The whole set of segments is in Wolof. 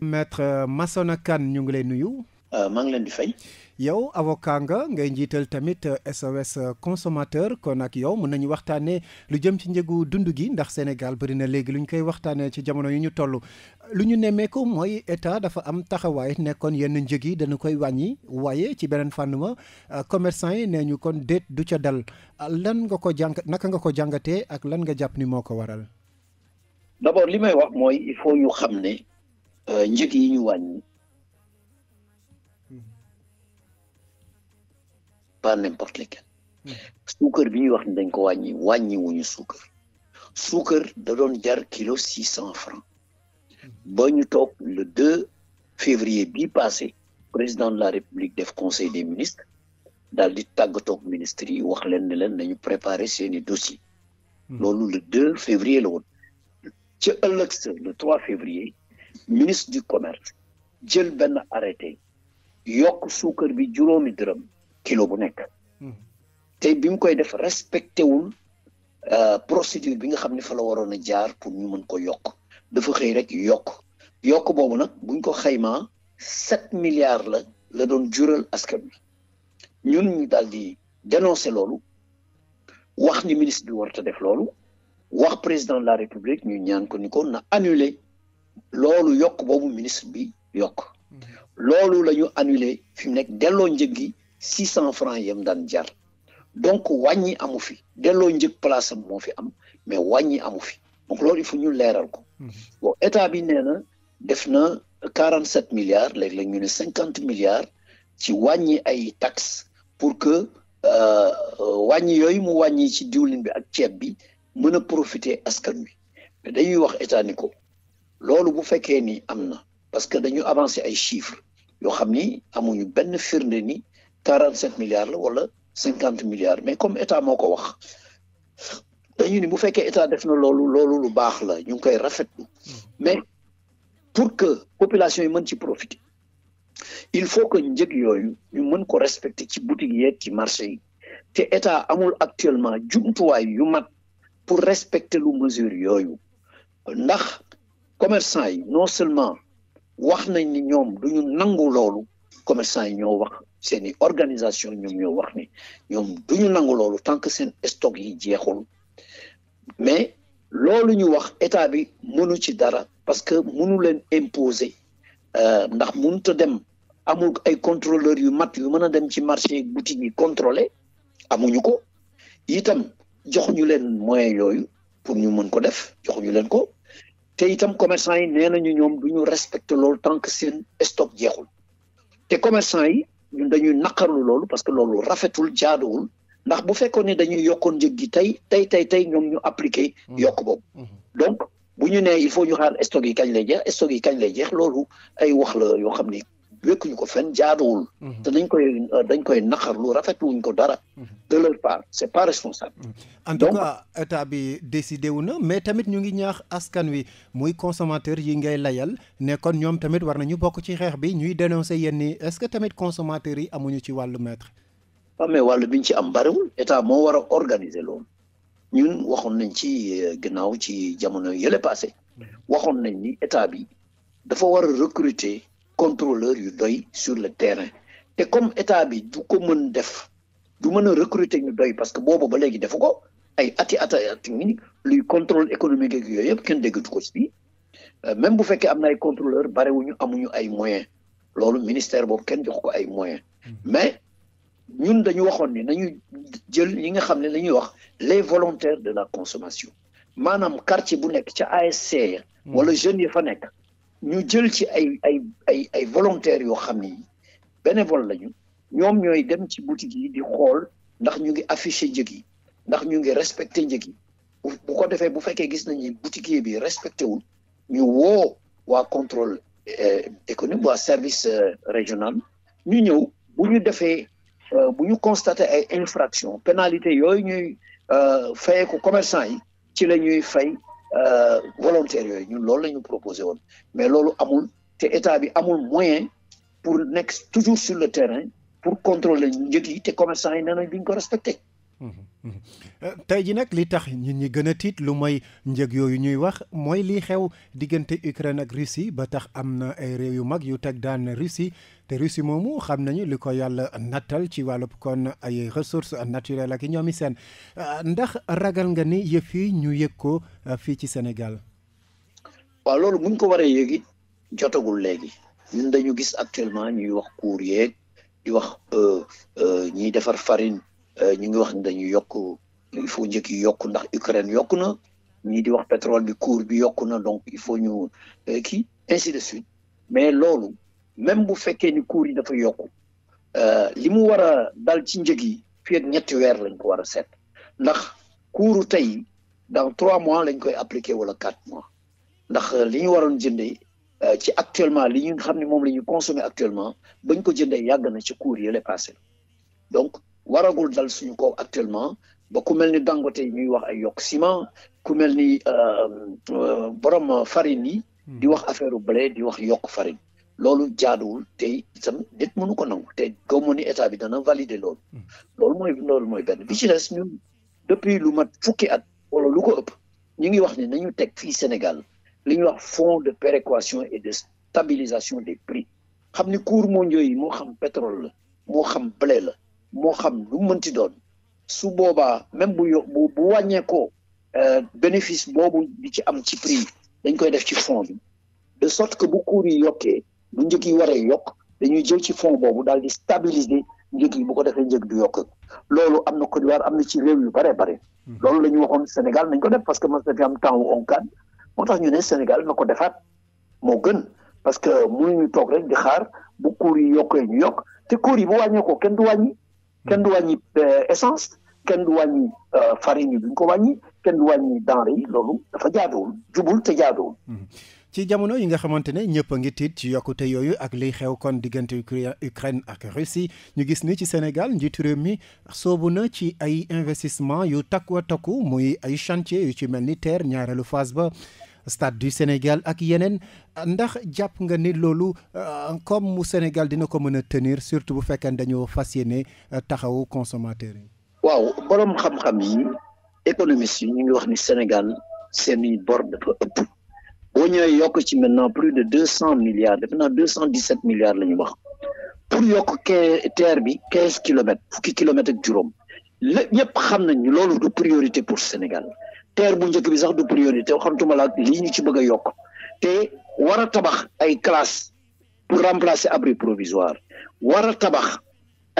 maître euh, Massokhna Kane ñu ngi lay nuyu. Euh, maa ngi leen di fay. yow avocat nga ngay njiital tamit SOS euh, consommateur kon ak yow mën nañu waxtaanee lu jëm ci njëgu dund gi ndax Sénégal bëri na léegi lu ñu koy waxtaanee ci jamono yu ñu toll. lu ñu nemmeeku mooy état dafa am taxawaay nekkoon yenn njëg yi dana koy wàññi waaye ci beneen fànn ma commerçant yi nee ñu kon déet du ca dal lan nga ko jàng naka nga ko jàngatee ak lan nga jàpp ni moo ko waral. d'abord li may wax mooy Euh, njëg yi ñu wàññi hmm. par n'importe lequel hmm. suukar bi ñuy wax ni dañ ko wàññi wàññi wuñu suukar suukar da doon jar kilo six cent francs hmm. ba ñu toog le deux février bii passé président de la république def conseil des ministres daal di tàggatoog ministre yi wax leen ne leen nañu préparer seeni dossier loolu le deux février la woon ca ëllëg sa le trois février ministre du commerce jël benn arrêté yokk suukar bi juróomi dërëm kilo bu nekk hmm. te bi mu koy def respecté wul euh, procédure bi nga xam ni fa la waroon a jaar pour ñu mën ko yokk dafa xëy rek yokk yokk boobu nag buñ ko xaymaa sept milliards la la doon jural askan wi ñun ñu daal di dénoncé loolu wax ni ministre bi warta def loolu wax président de la république ñu ñaan ko ni ko na annule loolu yokk boobu ministre bi yokk loolu la ñu annulé fi mu nekk delloo njëg gi six cent franc yam daan jar donc wàññi amu fi delloo njëg place am moo fi am mais wàññi amu fi donc loolu il faut ñu leeral ko bon état bi nee na def na quarante sept milliards léeg-léeg ñu ne cinquante milliards ci wàññi ay taxes pour que euh, wàññi yooyu mu wàññi ci diwlin bi ak ceeb bi mën a profiter askan wi mais dañuy wax état ni ko loolu bu fekkee ni am na parce que dañu avancer ay chiffres yoo xam ni amuñu benn firnde ni quarante cinq milliards la wala cinquante milliards mais comme état moo ko wax dañu ni bu fekkee état def na loolu loolu lu baax la ñu ngi koy rafetlu mais pour que population yi mën ci profiter il faut que njëg yooyu ñu mën ko respecter ci boutique yeeg ci marché yi te état amul actuellement jumtuwaay yu mat pour respecter lu mesure yooyu ndax commerçant yi non seulement wax nañ ni ñoom du ñu nangu loolu commerçant yi ñoo wax seen i organisation ñoom ñoo wax ni ñoom du ñu nangu loolu tant que seen stock yi jeexul mais loolu ñu wax état bi mënu ci dara parce que mënu leen imposer euh, ndax mënut a dem amul ay contrôleurs yu mat yu mën a dem ci marché boutique yi contrôlé amuñu ko itam jox ñu leen moyen yooyu pour ñu mën ko def jox ñu leen ko te itam commerçant yi nee nañu ñoom du ñu respecté loolu tant que seen stock jeexul te commerçant yi ñun dañuy naqarlu loolu parce que loolu rafetul jaaduwul ndax bu fekkoon dañuy yokkoon njëg gi tey tey tey tey ñoom ñu appliqué. Mm-hmm. yokk boobu mm-hmm. donc bu ñu nee il faut ñu xaar stock yi kañ lay jeex stock yi kañ lay jeex loolu ay wax la yoo xam ni wekkuñu ko fenn jaaduwul mhm. te dañ koy euh, dañ koy naqar lu ko dara mhm. de leur part c'est pas responsable mhm. en tout cas état bi décidé wu na mais tamit ñu ngi ñaax askan wi muy consommateur yi ngay layal ne kon ñoom tamit war nañu bokk ci xeex bi ñuy dénoncer yenn yi est-ce que tamit consommateurs yi amuñu ci wàllu maître amee ah, wàllu biñ ci am bariwul état moo war a organiser loolu ñun waxoon nañ ci euh, ginnaaw ci jamono yële passé waxoon nañ ni état bi dafa war a recruter contrôleur yu doy sur le terrain te comme état bi du ko mën def du mën a recruter ñu doy parce que boobu ba léegi defu ko ay ati ata ati ngi luy contrôle économique ak yooyu yëpp kenn déggatu ko si euh, même bu fekkee am na ay contrôleur barewuñu amuñu ay moyens loolu ministère boobu kenn jox ko ay moyens mm-hmm. mais ñun dañu waxoon ni nañu jël ñi nga xam ne lañuy wax les volontaires de la consommation maanaam quartier bu nekk ca ASC mm-hmm. wala jeunes yi fa nekk ñu jël ci ay ay ay ay volontaires yoo xam ni bénévole lañu ñoom ñooy dem ci boutique yi di xool ndax ñu ngi affiché njëg yi ndax ñu ngi respecté njëg yi bu ko defee bu fekkee gis nañu boutiquier bi respecté wul ñu woo waa contrôle euh, économique waa service euh, régional ñu ñëw bu ñu defee euh, bu ñu constaté ay infraction pénalité yooyu ñuy fayee ko commerçant yi ci la ñuy fay Euh, volontaires yooyu ñun loolu la ñu proposé woon mais loolu amul te état bi amul moyen pour nekk toujours sur le terrain pour contrôler njëg yi te commerçant yi nee nañ duñ ko respecté Euh, tey ji nag li tax nit ñi gën a tiit lu mooy njëg yooyu ñuy wax mooy lii xew diggante Ukraine ak Russie ba tax am na ay réew yu mag yu teg daan Russie te Russie moomu xam nañu li ko yàlla nattal ci wàllub kon ay ressources naturel ak i ñoomi seen euh, ndax ragal nga ni yëf yi ñu yëg ko euh, fii ci senegal waaw loolu buñ ko waree yéegi jotagul léegi ñun dañu gis actuellement ñuy wax cour yeeg di wax ñiy defar farine. Euh, ñu ngi wax ne dañu yokk il faut njëkk yi yokk ndax Ukraine yokk na ñii di wax pétrole bi cours bi yokk na donc il faut ñu euh, kii ainsi de suite mais loolu même bu fekkee ni cours yi dafa yokk euh, li mu war a dal ci njëg yi fii ñetti weer lañ ko war a seet ndax kuuru tey dans trois mois lañ koy appliquer wala quatre mois ndax li ñu waroon jëndee ci actuellement li ñu xam ne moom la ñu consommer actuellement bañ ko jëndee yàgg na ci cours yi la passé donc waragul dal suñu ko actuellement ba ku mel ni Dangote yi ñuy wax ay yokk ciment ku mel ni euh, euh, borom farine yi hmm. di wax affaire blé di wax yokk farine loolu jaaduwul te itam nit mënu ko nangu te gëmmu ni état bi dana valider loolu hmm. loolu mooy loolu mooy benn bi ci des depuis lu mat fukki at wala lu ko ëpp ñu ngi wax ne nañu teg fii Sénégal li ñuy wax fonds de péréquation et de stabilisation des prix xam ni cours mondiaux yi moo xam pétrole la moo xam blé la moo xam lu mu mënti doon su boobaa même bu yo bu bu wàññeekoo euh, bénéfice boobu bi ci am ci prix dañ koy def ci fond bi de sorte que bu cours yi yokkee bu njëg yi waree yokk dañuy jël ci fond boobu daal di stabiliser njëg yi bu ko defee njëg du yokk loolu am na Côte d'Ivoire am na ci réew yu bare bare hmm. loolu la ñu waxoon Sénégal nañ ko def parce que mos na am temps wu moo tax ñu ne Sénégal na ko defaat moo gën parce que mënuñu toog rek di xaar bu cours yi yokkee yokk te cours yi bu wàññeekoo kenn du wàññi kenn du wàññi euh, essence kenn du wàññi euh, farine yi duñ ko wàññi kenn du wàññi denrée loolu dafa jaaduwul jubul te jaaduwul. Mhm. ci jamono yi nga xamante ne ñëpp a ngi tiit ci yokkute yooyu ak liy xew kon diggante Ukraine ak Russie ñu gis ni ci Sénégal njiitu réew mi soobu na ci ay investissement yu takku a takku muy ay chantier yu ci mel ni TER ñaareelu phase ba. stade du Sénégal ak yeneen ndax jàpp nga ni loolu euh, comme mu Sénégal dina ko mën a tenir surtout bu fekkee dañoo fas yéene euh, taxawu consommateurs yi. waaw borom xam-xam yi économistes yi ñu ngi wax ni Sénégal seen i bor dafa ëpp boo ñëwee yokk ci maintenant plus de deux cent milliards defe naa deux cent dix sept milliards la ñu wax pour yokk terre bi quinze kilomètres fukki kilomètres ak juróom. lépp ñëpp xam nañ loolu du priorité pour Sénégal terre bu njëkk bi sax du priorité xamtuma la lii ñu ci bëgg a yokk te war a tabax ay classe pour remplacer abri provisoire war a tabax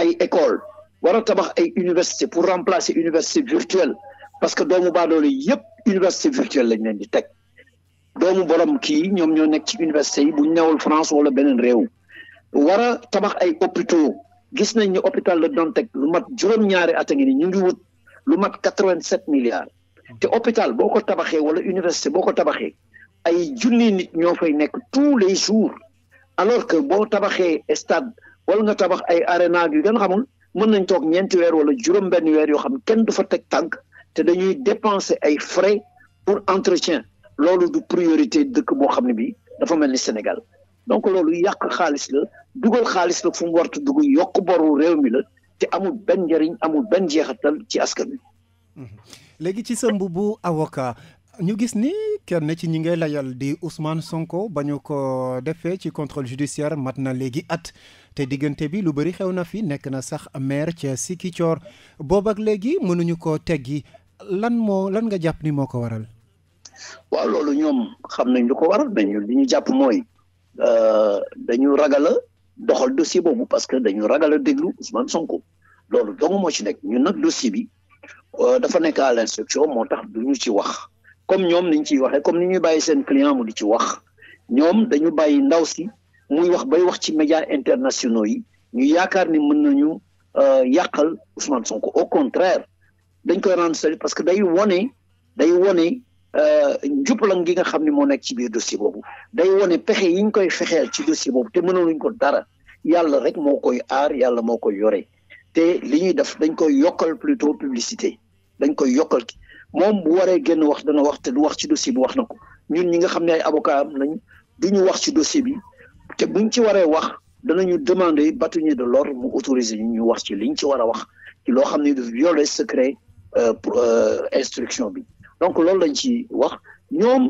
ay école war a tabax ay université pour remplacer université virtuelle parce que doomu baadoole yëpp université virtuelle lañ leen di teg doomu borom kii ñoom ñoo nekk ci université yi bu ñu France wala beneen réew war a tabax ay hôpitaux gis nañ ni hôpital la doon teg lu mat juróom-ñaari at a ngi ni ñu ngi wut lu mat quatre-vingt-sept milliards te hôpital boo ko tabaxee wala université boo ko tabaxee ay junni nit ñoo fay nekk tous les jours alors que boo tabaxee stade wala nga tabax ay aréna yu gën xamul mën nañ toog ñeenti weer wala juróom benn weer yoo xam kenn du fa teg tànk te dañuy dépenser ay frais pour entretien loolu du priorité dëkk boo xam ne bi dafa mel ni Sénégal donc loolu yàq xaalis la dugal xaalis nag fu mu wartu dugg yokk boru réew mi la te amul benn njëriñ amul benn jeexatal ci askan wi. Mhm. léegi ci sa mbubu awoka ñu gis ni kenn ci ñi ngay layal di Ousmane Sonko ba ñu ko defee ci contrôle judiciaire mat na léegi at te diggante bi lu bari xew na fi nekk na sax maire ca Sikicoor boobu ak léegi mënuñu ko teggi lan moo lan nga jàpp ni moo ko waral. waaw loolu ñoom xam nañ lu ko waral mais ñun li ñu jàpp mooy euh, dañu ragala doxal dossier boobu parce que dañu ragal a déglu Ousmane Sonko loolu dong moo ci nekk ñun nag dossier bi euh, dafa nekk ale l'instruction moo tax du ñu ci wax comme ñoom niñ ciy waxee comme ni ñuy bàyyi seen client mu di ci wax ñoom dañu bàyyi ndaw si muy wax bay wax ci médias internationaux yi ñu yaakaar ni mën nañu euh, yàqal Ousmane Sonko au contraire dañ koy rendre service parce que day wone day wone Euh, jublan gi nga xam ne moo nekk ci biir dossier boobu day wone pexe yi ñu koy fexeel ci dossier boobu te mënaluñ ko dara yàlla rek moo koy aar yàlla moo koy yore te li ñuy def dañ koy yokkal plutôt publicité dañ koy yokkal ki moom bu waree génn wax dana wax te du wax ci dossier bi wax na ko ñun ñi nga xam ne ay nañ du ñu wax ci dossier bi te buñ ci waree wax danañu demander bâtonnier de l'ordre mu autoriser ñu ñu wax ci li ñu ci war a wax ci loo xam ne du violer secret euh, euh, instruction bi donc loolu lañ ci wax ñoom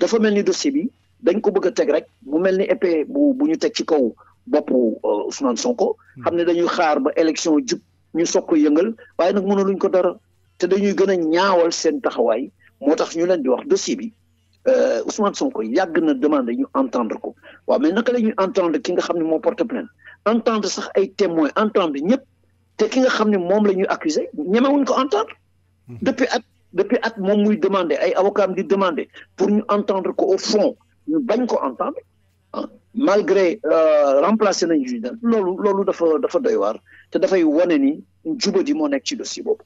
dafa mel ni dossier bi dañ ko bëgg a teg rek mu mel ni épée bu bu ñu teg ci kaw boppu euh, Ousmane Sonko. Hmm. xam ne dañuy xaar ba élection jub ñu soog ko yëngal waaye nag luñ ko dara te dañuy gën a ñaawal seen taxawaay moo tax ñu leen di wax dossier bi euh, son Sonko yàgg na demande ñu entendre ko waaw mais naka la ñuy entendre ki nga xam ne moo porte plainte entendre sax ay témoins entendre ñëpp te ki xam ne moom la ñuy accuser ñemewuñ ko entendre hmm. depuis at depuis at moom muy demander ay avocats di demander pour ñu entendre ko au fond ñu bañ ko entendre ah malgré euh, remplacé nañu juge loolu loolu dafa dafa doy waar te dafay wane ni jubadi moo nekk ci dossier boobu.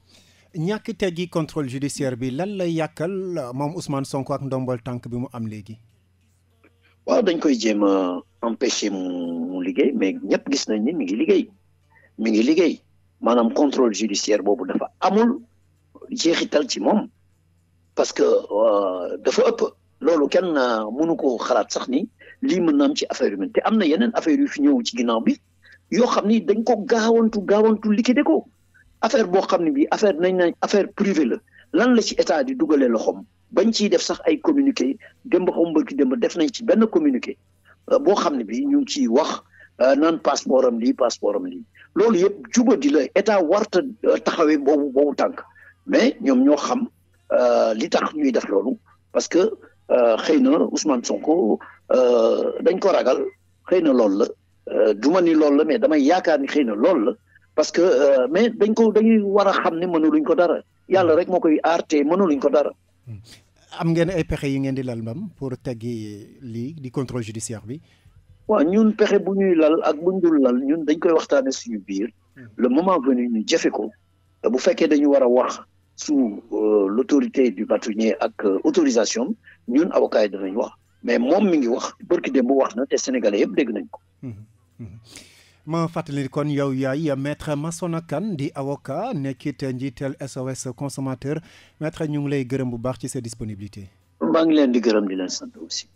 ñàkk teggi contrôle judiciaire bi lan lay yàkkal euh, moom Ousmane Sonko ak ndombal tànk bi mu am léegi. waaw dañ koy jéem a empêcher mu liggéey mais ñëpp gis nañ ni mi ngi liggéey mi ngi liggéey maanaam contrôle judiciaire boobu dafa amul. jeexital ci moom parce que euh, dafa ëpp loolu kenn euh, mënu ko xalaat sax ni lii mën na am ci affaire humaine te am na yeneen affaire yu fi ñëw ci ginnaaw bi yoo xam ni dañ ko gaawantu gaawantu liquider ko affaire boo xam ne bii affaire nañ nañ affaire privée la lan la ci état di dugalee loxoom bañ ciy def sax ay communiqué démb xaw ma démb def nañ ci benn communiqué euh, boo xam ne bii ñu ngi ciy wax naan passeport am lii passeport am lii loolu yëpp juba di la état warta taxawee boobu boobu tànk mais ñoom ñoo xam euh, li tax ñuy def loolu parce que euh, xëy na Ousmane Sonko euh, dañ ko ragal xëy na loolu la du ma ni lool la mais damay yaakaar ni xëy na loolu la parce que mais dañ ko dañuy war a xam ne mënuluñ ko dara yàlla rek moo koy aar te mënuluñ ko dara. Hmm. am ngeen ay pexe yi ngeen di lal mbam pour teggi lii di contrôle judiciaire bi. waaw ñun pexe bu ñuy lal ak bu ñu dul lal ñun dañ koy waxtaane suñu biir hmm. la moment venu ñu jëfe ko bu fekkee dañu war a wax sous euh, l'autorité du bâtonnier ak euh, autorisation ñun avocat yi ñu wax mais moom mi ngi wax bërki bu wax na te sénégalais yëpp dégg nañ ko. ma fàttali kon yow yaay maître Massokhna Kane di avocat nekkit njiitel SOS consommateur maître ñu ngi lay gërëm bu baax ci sa disponibilité. maa ngi leen di gërëm di leen sant aussi.